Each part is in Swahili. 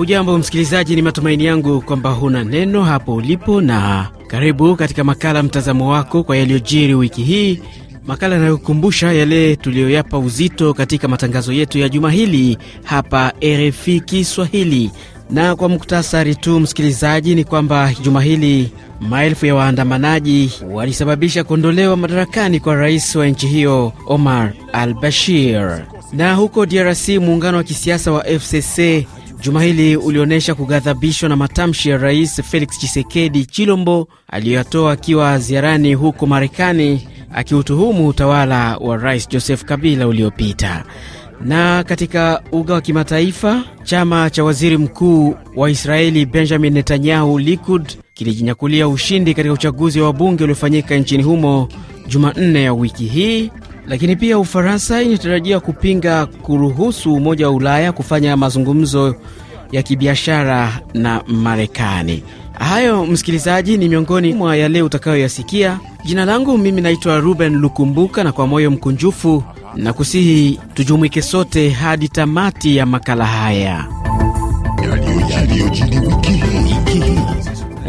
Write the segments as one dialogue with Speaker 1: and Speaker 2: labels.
Speaker 1: ujambo msikilizaji, ni matumaini yangu kwamba huna neno hapo ulipo, na karibu katika makala mtazamo wako kwa yaliyojiri wiki hii, makala yanayokumbusha yale tuliyoyapa uzito katika matangazo yetu ya juma hili hapa RFI Kiswahili. Na kwa muktasari tu msikilizaji, ni kwamba juma hili maelfu ya waandamanaji walisababisha kuondolewa madarakani kwa rais wa nchi hiyo Omar al Bashir. Na huko DRC muungano wa kisiasa wa FCC Juma hili ulionyesha kughadhabishwa na matamshi ya Rais Felix chisekedi Chilombo aliyoyatoa akiwa ziarani huko Marekani, akiutuhumu utawala wa Rais Joseph Kabila uliopita. Na katika uga wa kimataifa, chama cha waziri mkuu wa Israeli Benjamin Netanyahu, Likud, kilijinyakulia ushindi katika uchaguzi wa wabunge uliofanyika nchini humo Jumanne ya wiki hii. Lakini pia Ufaransa inatarajia kupinga kuruhusu Umoja wa Ulaya kufanya mazungumzo ya kibiashara na Marekani. Hayo msikilizaji, ni miongoni mwa yale utakayoyasikia. Jina langu mimi naitwa Ruben Lukumbuka, na kwa moyo mkunjufu na kusihi tujumuike sote hadi tamati ya makala haya.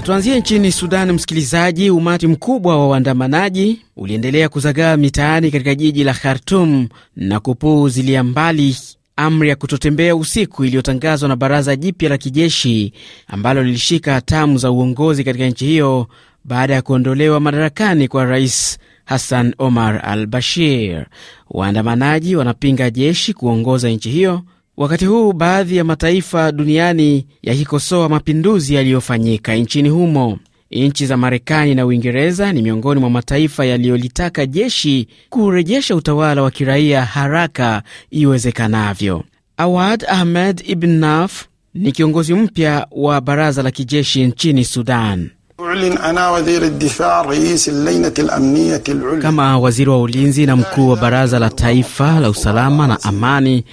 Speaker 1: tuanzie nchini Sudan, msikilizaji. Umati mkubwa wa waandamanaji uliendelea kuzagaa mitaani katika jiji la Khartum na kupuuzilia mbali amri ya kutotembea usiku iliyotangazwa na baraza jipya la kijeshi ambalo lilishika hatamu za uongozi katika nchi hiyo baada ya kuondolewa madarakani kwa Rais Hassan Omar al Bashir. Waandamanaji wanapinga jeshi kuongoza nchi hiyo, wakati huu baadhi ya mataifa duniani yakikosoa mapinduzi yaliyofanyika nchini humo. Nchi za Marekani na Uingereza ni miongoni mwa mataifa yaliyolitaka jeshi kurejesha utawala wa kiraia haraka iwezekanavyo. Awad Ahmed Ibn Naf ni kiongozi mpya wa baraza la kijeshi nchini Sudan. Kama waziri wa ulinzi na mkuu wa baraza la taifa la usalama na amani,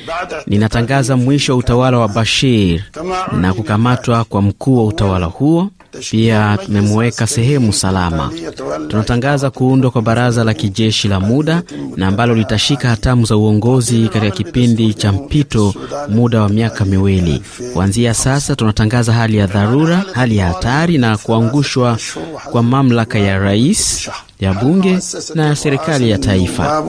Speaker 1: ninatangaza mwisho wa utawala wa Bashir na kukamatwa kwa mkuu wa utawala huo pia tumemweka sehemu salama. Tunatangaza kuundwa kwa baraza la kijeshi la muda na ambalo litashika hatamu za uongozi katika kipindi cha mpito, muda wa miaka miwili. Kuanzia sasa, tunatangaza hali ya dharura, hali ya hatari na kuangushwa kwa mamlaka ya rais, ya bunge
Speaker 2: na serikali ya taifa.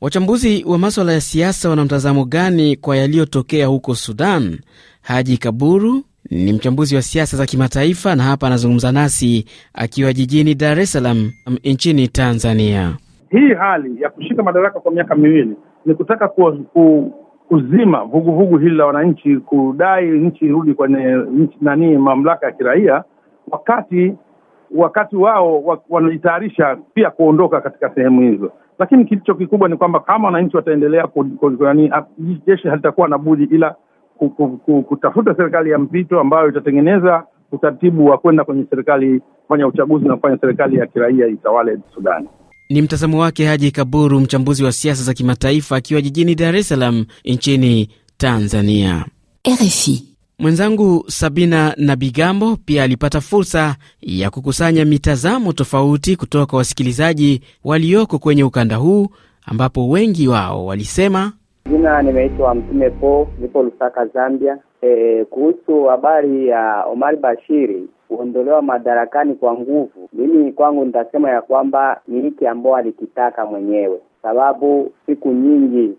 Speaker 1: Wachambuzi wa maswala ya siasa wana mtazamo gani kwa yaliyotokea huko Sudan? Haji Kaburu ni mchambuzi wa siasa za kimataifa na hapa anazungumza nasi akiwa jijini Dar es Salaam um, nchini Tanzania.
Speaker 2: Hii hali ya kushika madaraka kwa miaka miwili ni kutaka ku, ku, kuzima vuguvugu hili la wananchi kudai nchi irudi kwenye nani mamlaka ya kiraia, wakati wakati wao wanajitayarisha pia kuondoka katika sehemu hizo. Lakini kilicho kikubwa ni kwamba kama wananchi wataendelea, jeshi halitakuwa na budi ila kutafuta serikali ya mpito ambayo itatengeneza utaratibu wa kwenda kwenye serikali kufanya uchaguzi na kufanya serikali ya kiraia itawale Sudani.
Speaker 1: Ni mtazamo wake Haji Kaburu, mchambuzi wa siasa za kimataifa akiwa jijini Dar es Salaam nchini Tanzania. RFI. Mwenzangu Sabina Nabigambo pia alipata fursa ya kukusanya mitazamo tofauti kutoka kwa wasikilizaji walioko kwenye ukanda huu ambapo wengi wao walisema
Speaker 3: Jina nimeitwa Mtume Po, nipo Lusaka, Zambia. E, kuhusu habari ya Omar Bashiri kuondolewa madarakani kwa nguvu, mimi kwangu nitasema ya kwamba ni hiki ambao alikitaka mwenyewe, sababu siku nyingi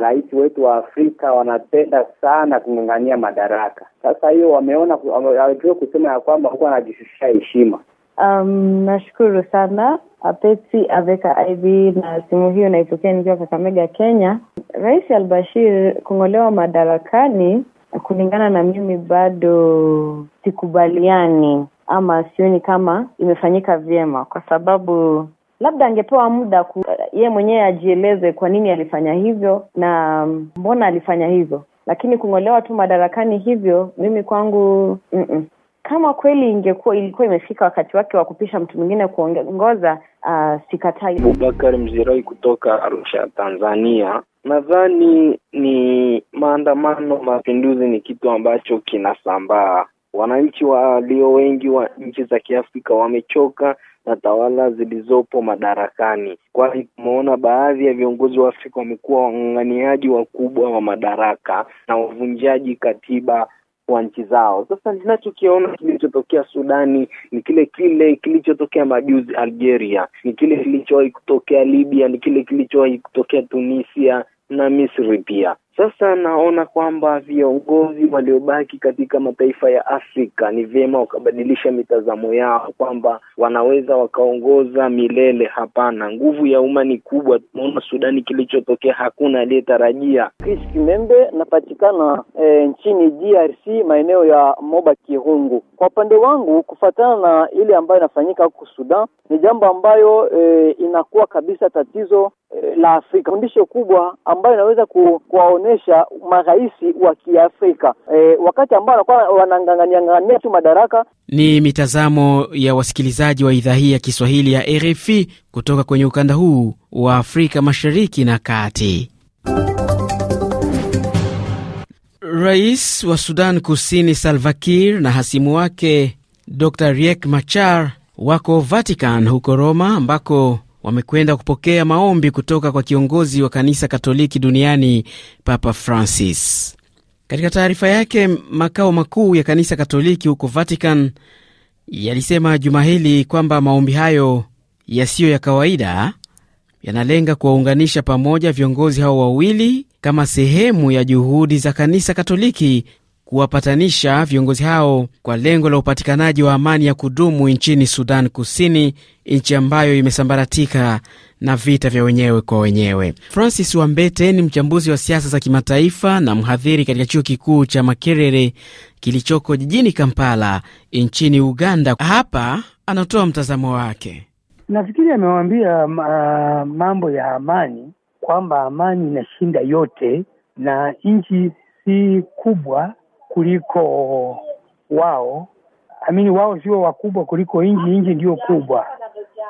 Speaker 3: rais wetu wa Afrika wanapenda sana kung'ang'ania madaraka. Sasa hiyo wameona, wamejua kusema ya kwamba huko anajishushia heshima. Um, nashukuru sana Apeti aveka IB na simu hiyo naipokea nikiwa Kakamega, Kenya. Rais albashir kung'olewa madarakani, kulingana na mimi, bado sikubaliani ama sioni kama imefanyika vyema, kwa sababu labda angepewa muda ku, yeye mwenyewe ajieleze kwa nini alifanya hivyo na mbona alifanya hivyo, lakini kung'olewa tu madarakani hivyo, mimi kwangu mm -mm kama kweli ingekuwa ilikuwa imefika wakati wake wa kupisha mtu mwingine kuongoza, uh, sikatai. Abubakar Mzirai kutoka Arusha, Tanzania. Nadhani ni maandamano, mapinduzi ni kitu ambacho kinasambaa. Wananchi walio wengi wa nchi za Kiafrika wamechoka na tawala zilizopo madarakani, kwani tumeona baadhi ya viongozi wa Afrika wamekuwa wang'ang'aniaji wakubwa wa madaraka na wavunjaji katiba wa nchi zao. Sasa ninachokiona kilichotokea Sudani ni kile kile kilichotokea majuzi Algeria, ni kile kilichowahi kutokea Libya, ni kile kilichowahi kutokea Tunisia na Misri pia. Sasa naona kwamba viongozi waliobaki katika mataifa ya Afrika ni vyema wakabadilisha mitazamo yao kwamba wanaweza wakaongoza milele. Hapana, nguvu ya umma ni kubwa. Tunaona Sudani kilichotokea, hakuna aliyetarajia. Chris Kimembe, napatikana e, eh, nchini DRC maeneo ya Moba Kirungu. Kwa upande wangu, kufuatana na ile ambayo inafanyika huko Sudan ni jambo ambayo e, inakuwa kabisa tatizo e, la Afrika, fundisho kubwa ambayo inaweza ku, kuonesha marais wa Kiafrika e, wakati ambao wanakuwa wanang'ang'ania tu madaraka.
Speaker 1: Ni mitazamo ya wasikilizaji wa idhaa hii ya Kiswahili ya RFI kutoka kwenye ukanda huu wa Afrika Mashariki na Kati. Rais wa Sudan Kusini Salva Kiir na hasimu wake Dr Riek Machar wako Vatican huko Roma ambako wamekwenda kupokea maombi kutoka kwa kiongozi wa kanisa Katoliki duniani Papa Francis. Katika taarifa yake, makao makuu ya kanisa Katoliki huko Vatican yalisema juma hili kwamba maombi hayo yasiyo ya kawaida yanalenga kuwaunganisha pamoja viongozi hao wawili kama sehemu ya juhudi za kanisa Katoliki kuwapatanisha viongozi hao kwa lengo la upatikanaji wa amani ya kudumu nchini Sudan Kusini, nchi ambayo imesambaratika na vita vya wenyewe kwa wenyewe. Francis Wambete ni mchambuzi wa siasa za kimataifa na mhadhiri katika chuo kikuu cha Makerere kilichoko jijini Kampala nchini Uganda. Hapa anatoa mtazamo wake.
Speaker 3: Nafikiri amewaambia uh, mambo ya amani kwamba amani inashinda yote na nchi si kubwa kuliko wao. Amini wao sio wakubwa kuliko nchi, nchi ndiyo kubwa,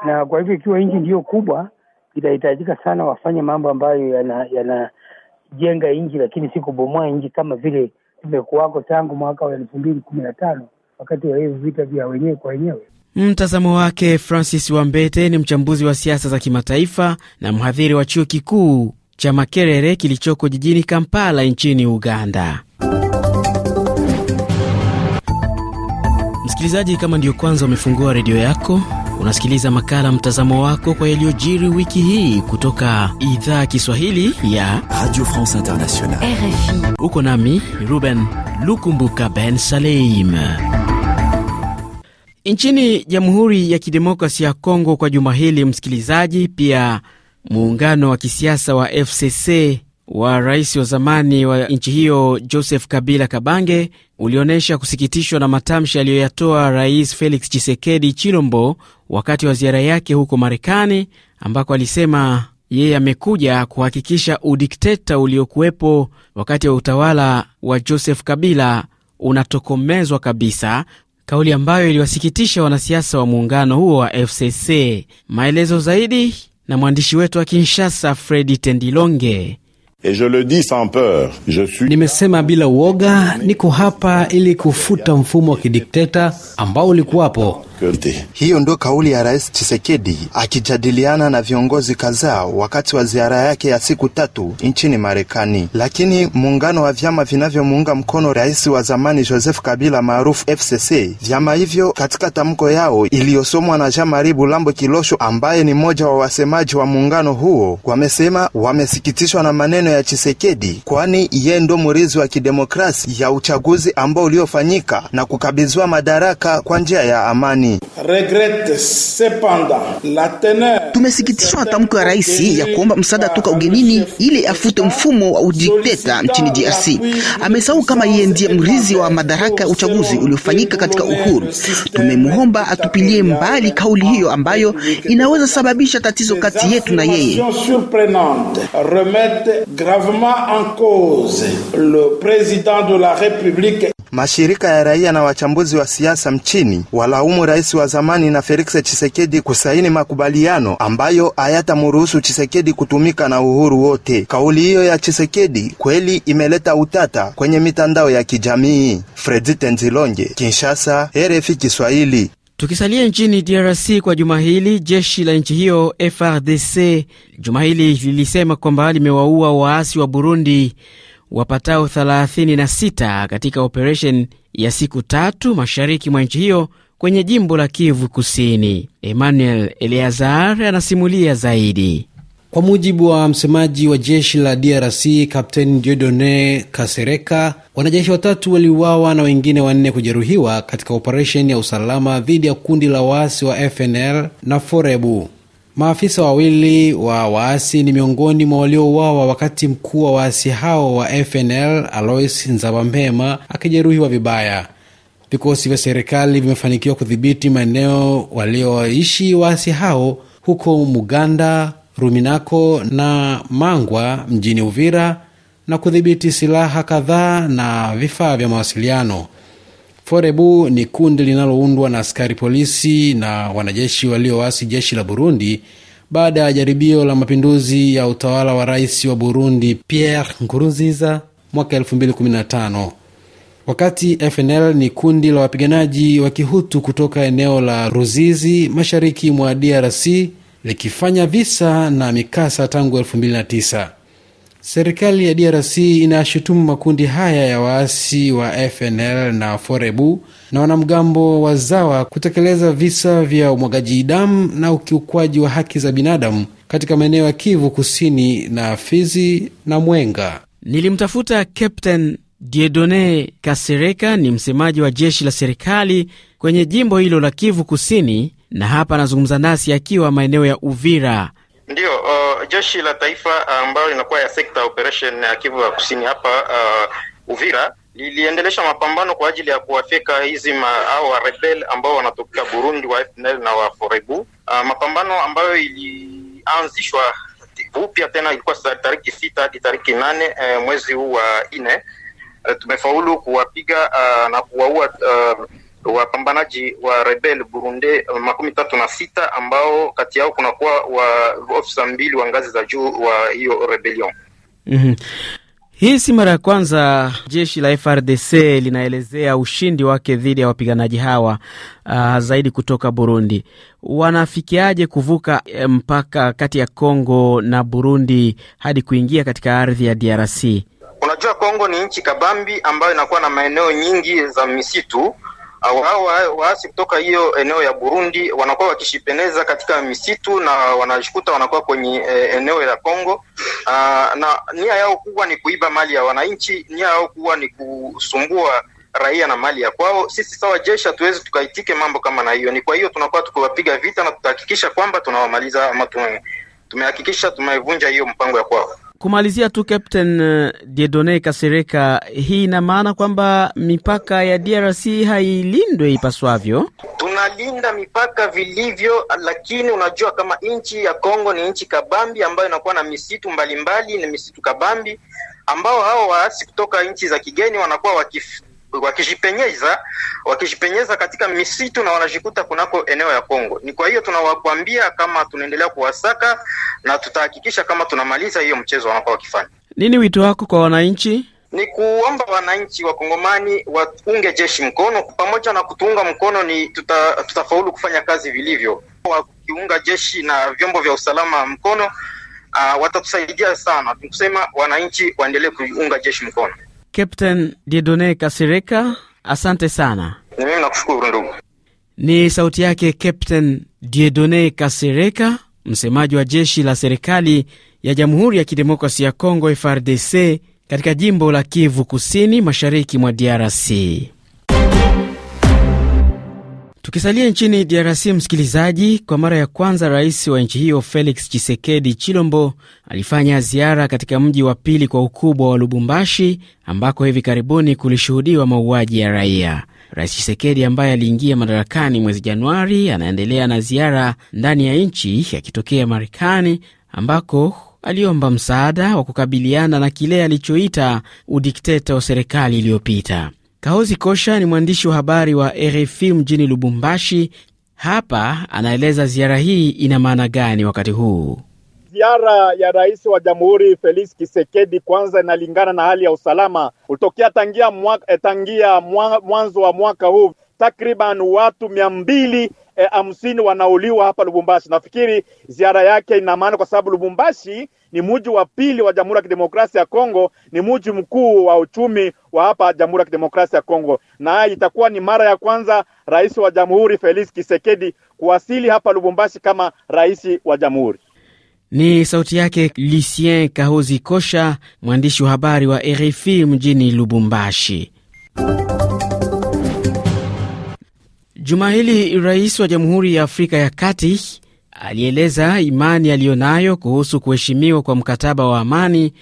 Speaker 3: na kwa hivyo ikiwa nchi ndiyo kubwa itahitajika sana wafanye mambo ambayo yanajenga yana nchi, lakini si kubomoa nchi kama vile imekuwako tangu mwaka wa elfu mbili kumi na tano wakati wa hivi vita vya wenyewe kwa wenyewe.
Speaker 1: Mtazamo wake Francis Wambete ni mchambuzi wa siasa za kimataifa na mhadhiri wa chuo kikuu cha Makerere kilichoko jijini Kampala nchini Uganda. Msikilizaji, kama ndiyo kwanza umefungua redio yako, unasikiliza makala mtazamo wako kwa yaliyojiri wiki hii kutoka idhaa Kiswahili ya Radio France Internationale, RFI. Uko nami Ruben Lukumbuka Ben Saleim. Nchini Jamhuri ya kidemokrasi ya Kongo kwa juma hili, msikilizaji, pia muungano wa kisiasa wa FCC wa rais wa zamani wa nchi hiyo Joseph Kabila Kabange ulionyesha kusikitishwa na matamshi aliyoyatoa Rais Felix chisekedi Chilombo wakati wa ziara yake huko Marekani, ambako alisema yeye amekuja kuhakikisha udikteta uliokuwepo wakati wa utawala wa Joseph Kabila unatokomezwa kabisa, kauli ambayo iliwasikitisha wanasiasa wa muungano huo wa FCC. Maelezo zaidi na mwandishi wetu wa Kinshasa, Fredi
Speaker 4: Tendilonge.
Speaker 2: Et je le dis sans peur. Je
Speaker 4: suis... Nimesema bila uoga, niko hapa ili kufuta mfumo wa kidikteta ambao ulikuwapo.
Speaker 5: Hiyo ndio kauli ya Rais Tshisekedi akijadiliana na viongozi kadhaa wakati wa ziara yake ya siku tatu nchini Marekani. Lakini muungano wa vyama vinavyomuunga mkono rais wa zamani Joseph Kabila maarufu FCC, vyama hivyo katika tamko yao iliyosomwa na Jean-Marie Bulambo Kilosho ambaye ni mmoja wa wasemaji wa muungano huo, wamesema wamesikitishwa na maneno ya Chisekedi, kwani yeye ndo mrizi wa kidemokrasi ya uchaguzi ambao uliofanyika na kukabidhiwa madaraka kwa njia ya amani.
Speaker 2: Tumesikitishwa na tamko ya rais ya kuomba msaada
Speaker 1: toka ugenini ili afute mfumo wa udikteta nchini DRC. Amesahau kama yeye ndiye mrizi wa madaraka ya uchaguzi uliofanyika katika uhuru. Tumemwomba atupilie mbali kauli hiyo ambayo inaweza sababisha tatizo kati yetu na yeye
Speaker 5: gravement en cause le président de la République. Mashirika ya raia na wachambuzi wa siasa mchini walaumu rais wa zamani na Felix Tshisekedi kusaini makubaliano ambayo hayatamruhusu Tshisekedi kutumika na uhuru wote. Kauli hiyo ya Tshisekedi kweli imeleta utata kwenye mitandao ya kijamii. Fredi Tenzilonge, Kinshasa, RFI Kiswahili.
Speaker 1: Tukisalia nchini DRC kwa juma hili, jeshi la nchi hiyo FRDC juma hili lilisema kwamba limewaua waasi wa Burundi wapatao 36 katika operesheni ya siku tatu mashariki mwa nchi hiyo kwenye jimbo la Kivu
Speaker 4: Kusini. Emmanuel Eleazar anasimulia zaidi. Kwa mujibu wa msemaji wa jeshi la DRC Kapteni Diodone Kasereka, wanajeshi watatu waliuawa na wengine wanne kujeruhiwa katika operesheni ya usalama dhidi ya kundi la waasi wa FNL na Forebu. Maafisa wawili wa waasi ni miongoni mwa waliouawa, wakati mkuu wa waasi hao wa FNL Alois nzabamema akijeruhiwa vibaya. Vikosi vya serikali vimefanikiwa kudhibiti maeneo walioishi waasi hao huko Muganda, Ruminako na Mangwa mjini Uvira na kudhibiti silaha kadhaa na vifaa vya mawasiliano. Forebu ni kundi linaloundwa na askari polisi na wanajeshi walioasi jeshi la Burundi baada ya jaribio la mapinduzi ya utawala wa rais wa Burundi Pierre Nkurunziza mwaka 2015. Wakati FNL ni kundi la wapiganaji wa Kihutu kutoka eneo la Ruzizi mashariki mwa DRC likifanya visa na mikasa tangu 2009. Serikali ya DRC inashutumu makundi haya ya waasi wa FNL na Forebu na wanamgambo wa ZAWA kutekeleza visa vya umwagaji damu na ukiukwaji wa haki za binadamu katika maeneo ya Kivu Kusini na Fizi na Mwenga. Nilimtafuta Captain Diedone
Speaker 1: Kasereka, ni msemaji wa jeshi la serikali kwenye jimbo hilo la Kivu Kusini na hapa anazungumza nasi akiwa maeneo ya Uvira.
Speaker 2: Ndiyo, uh, jeshi la taifa ambayo inakuwa ya sekta operation ya Kivu ya kusini hapa uh, Uvira liliendelesha mapambano kwa ajili ya kuwafika hizi au warebel ambao wanatokea Burundi wa FNL na wa Forebu. Uh, mapambano ambayo ilianzishwa upya tena ilikuwa tariki sita hadi tariki nane eh, mwezi huu wa nne. Uh, tumefaulu kuwapiga uh, na kuwaua uh, wapambanaji wa rebel burunde eh, makumi tatu na sita ambao kati yao kunakuwa wa ofisa mbili wa ngazi za juu wa hiyo rebelion
Speaker 1: mm -hmm. Hii si mara ya kwanza jeshi la FRDC linaelezea ushindi wake dhidi ya wapiganaji hawa uh, zaidi kutoka Burundi. Wanafikiaje kuvuka eh, mpaka kati ya Kongo na Burundi hadi kuingia katika ardhi ya DRC? Unajua, Kongo ni nchi
Speaker 2: kabambi ambayo inakuwa na maeneo nyingi za misitu hao waasi kutoka hiyo eneo ya Burundi wanakuwa wakishipeneza katika misitu na wanajikuta wanakuwa kwenye eh, eneo la Kongo. Aa, ah, na nia yao kubwa ni kuiba mali ya wananchi, nia yao kubwa ni kusumbua raia na mali ya kwao. Sisi sawa jeshi hatuwezi tukaitike mambo kama na hiyo. Ni kwa hiyo tunakuwa tukiwapiga vita na tutahakikisha kwamba tunawamaliza ama tumehakikisha tumevunja hiyo mpango ya kwao.
Speaker 1: Kumalizia tu Captain uh, Diedone Kasereka, hii ina maana kwamba mipaka ya DRC hailindwe ipaswavyo?
Speaker 5: Tunalinda mipaka
Speaker 2: vilivyo, lakini unajua kama nchi ya Kongo ni nchi kabambi ambayo inakuwa na misitu mbalimbali mbali, na misitu kabambi ambao hao waasi kutoka nchi za kigeni wanakuwa wakif wakijipenyeza wakijipenyeza katika misitu na wanajikuta kunako eneo ya Kongo. Ni kwa hiyo tunawakwambia kama tunaendelea kuwasaka na tutahakikisha kama tunamaliza hiyo mchezo wanakuwa wakifanya.
Speaker 1: Nini wito wako kwa wananchi?
Speaker 2: Ni kuomba wananchi wa Kongomani waunge jeshi mkono, pamoja na kutuunga mkono ni tuta, tutafaulu kufanya kazi vilivyo. Wakiunga jeshi na vyombo vya usalama mkono, uh, watatusaidia sana. Nikusema wananchi waendelee kuunga jeshi mkono.
Speaker 1: Captain Diedone Kasireka, asante sana. Ni mimi nakushukuru ndugu. Ni sauti yake Captain Diedone Kasireka, msemaji wa jeshi la serikali ya Jamhuri ya Kidemokrasi ya Kongo FRDC katika jimbo la Kivu Kusini, mashariki mwa DRC. Tukisalia nchini DRC, msikilizaji, kwa mara ya kwanza rais wa nchi hiyo Felix Chisekedi Chilombo alifanya ziara katika mji wa pili kwa ukubwa wa Lubumbashi, ambako hivi karibuni kulishuhudiwa mauaji ya raia. Rais Chisekedi ambaye aliingia madarakani mwezi Januari anaendelea na ziara ndani ya nchi akitokea Marekani, ambako aliomba msaada wa kukabiliana na kile alichoita udikteta wa serikali iliyopita. Kahozi Kosha ni mwandishi wa habari wa RFI mjini Lubumbashi. Hapa anaeleza ziara hii ina maana gani wakati huu.
Speaker 2: Ziara ya rais wa jamhuri Felix Tshisekedi kwanza inalingana na hali ya usalama hutokea tangia eh, mwanzo mwa, wa mwaka huu takriban watu mia mbili Eh, hamsini e, wanauliwa hapa Lubumbashi. Nafikiri ziara yake ina maana kwa sababu Lubumbashi ni mji wa pili wa Jamhuri ya Kidemokrasia ya Kongo, ni mji mkuu wa uchumi wa hapa Jamhuri ya Kidemokrasia ya Kongo, na itakuwa ni mara ya kwanza rais wa jamhuri Felix Tshisekedi kuwasili hapa Lubumbashi kama rais wa jamhuri.
Speaker 1: Ni sauti yake Lucien Kahozi Kosha, mwandishi wa habari wa RFI mjini Lubumbashi. Juma hili rais wa Jamhuri ya Afrika ya Kati alieleza imani aliyonayo kuhusu kuheshimiwa kwa mkataba wa amani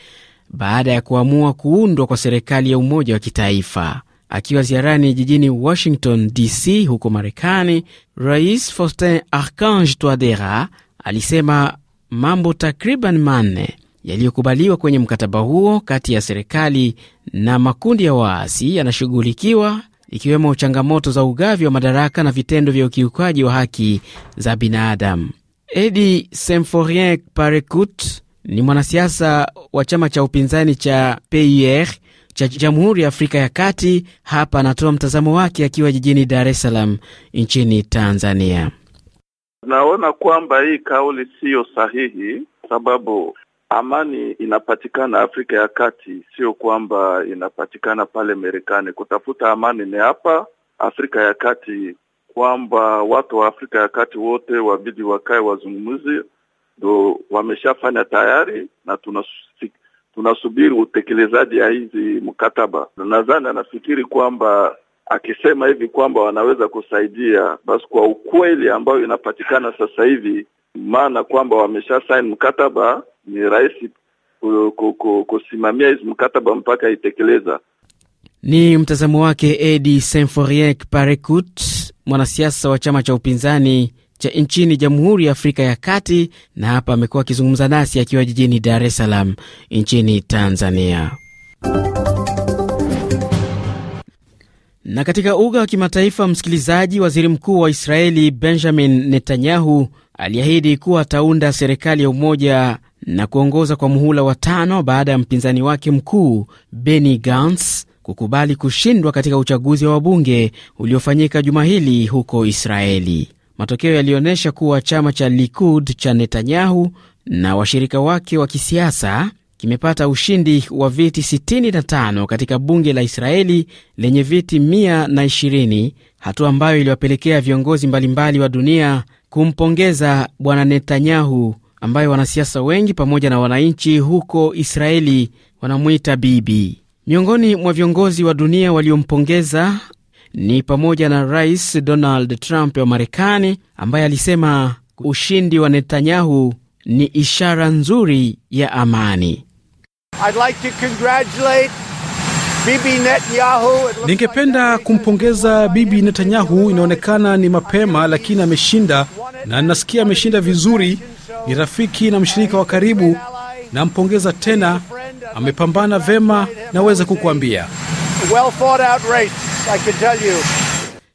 Speaker 1: baada ya kuamua kuundwa kwa serikali ya umoja wa kitaifa. Akiwa ziarani jijini Washington DC huko Marekani, Rais Faustin Archange Touadera alisema mambo takriban manne yaliyokubaliwa kwenye mkataba huo kati ya serikali na makundi ya waasi yanashughulikiwa ikiwemo changamoto za ugavi wa madaraka na vitendo vya ukiukaji wa haki za binadamu. Edi Semforien Parekut ni mwanasiasa wa chama cha upinzani cha PUR cha Jamhuri ya Afrika ya Kati. Hapa anatoa mtazamo wake akiwa jijini Dar es Salaam nchini Tanzania.
Speaker 5: Naona kwamba hii kauli siyo sahihi, sababu amani inapatikana Afrika ya Kati, sio kwamba inapatikana pale Marekani. Kutafuta amani ni hapa Afrika ya Kati, kwamba watu wa Afrika ya Kati wote wabidi wakae wazungumzi, ndo wameshafanya tayari, na tunasubiri tunasubiri utekelezaji ya hizi mkataba. Nadhani anafikiri kwamba akisema hivi kwamba wanaweza kusaidia, basi kwa ukweli ambayo inapatikana sasa hivi, maana kwamba wamesha saini mkataba ni rahisi kusimamia hizi mkataba mpaka itekeleza.
Speaker 1: Ni mtazamo wake Edi Symphorien Parekut, mwanasiasa wa chama cha upinzani cha nchini Jamhuri ya Afrika ya Kati, na hapa amekuwa akizungumza nasi akiwa jijini Dar es Salaam nchini Tanzania. Na katika uga wa kimataifa, msikilizaji, waziri mkuu wa Israeli Benjamin Netanyahu aliahidi kuwa ataunda serikali ya umoja na kuongoza kwa muhula wa tano baada ya mpinzani wake mkuu Benny Gantz kukubali kushindwa katika uchaguzi wa wabunge uliofanyika juma hili huko Israeli. Matokeo yalionyesha kuwa chama cha Likud cha Netanyahu na washirika wake wa kisiasa kimepata ushindi wa viti 65 katika bunge la Israeli lenye viti 120, hatua ambayo iliwapelekea viongozi mbalimbali wa dunia kumpongeza Bwana Netanyahu ambaye wanasiasa wengi pamoja na wananchi huko Israeli wanamwita bibi. Miongoni mwa viongozi wa dunia waliompongeza ni pamoja na Rais Donald Trump wa Marekani ambaye alisema ushindi wa Netanyahu ni ishara nzuri ya amani.
Speaker 4: Ningependa kumpongeza Bibi Netanyahu. Inaonekana ni mapema, lakini ameshinda na nasikia ameshinda vizuri. Ni rafiki na mshirika wa karibu, nampongeza tena, amepambana vema, naweza kukuambia. Well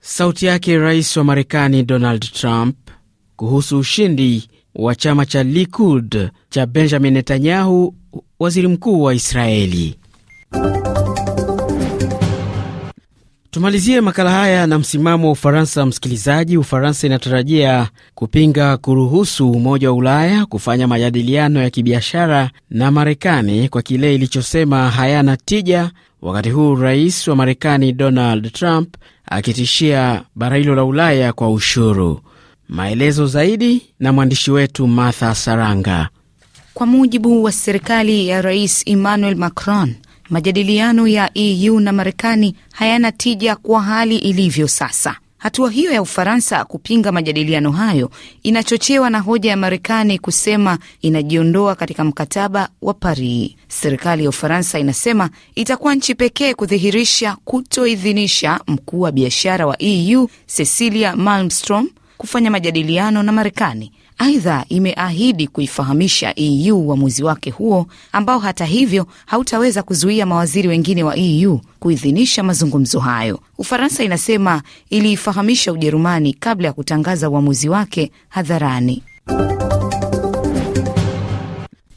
Speaker 1: Sauti yake rais wa Marekani Donald Trump kuhusu ushindi wa chama cha Likud cha Benjamin Netanyahu, waziri mkuu wa Israeli. Tumalizie makala haya na msimamo wa Ufaransa. Msikilizaji, Ufaransa inatarajia kupinga kuruhusu Umoja wa Ulaya kufanya majadiliano ya kibiashara na Marekani kwa kile ilichosema hayana tija, wakati huu rais wa Marekani Donald Trump akitishia bara hilo la Ulaya kwa ushuru. Maelezo zaidi na mwandishi wetu Martha Saranga. Kwa mujibu wa serikali ya Rais Emmanuel Macron, majadiliano ya EU na Marekani hayana tija kwa hali ilivyo sasa. Hatua hiyo ya Ufaransa kupinga majadiliano hayo inachochewa na hoja ya Marekani kusema inajiondoa katika mkataba wa Paris. Serikali ya Ufaransa inasema itakuwa nchi pekee kudhihirisha kutoidhinisha mkuu wa biashara wa EU Cecilia Malmstrom kufanya majadiliano na Marekani Aidha, imeahidi kuifahamisha EU uamuzi wa wake huo ambao hata hivyo hautaweza kuzuia mawaziri wengine wa EU kuidhinisha mazungumzo hayo. Ufaransa inasema iliifahamisha Ujerumani kabla ya kutangaza uamuzi wa wake
Speaker 5: hadharani.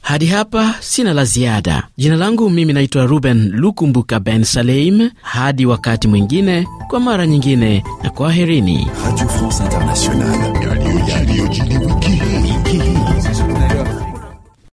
Speaker 1: Hadi hapa sina la ziada. Jina langu mimi naitwa Ruben Lukumbuka Ben Saleim. Hadi wakati mwingine, kwa mara nyingine, na kwaherini.
Speaker 4: Radio France Internationale.
Speaker 5: Jiri, Jiri, Wiki.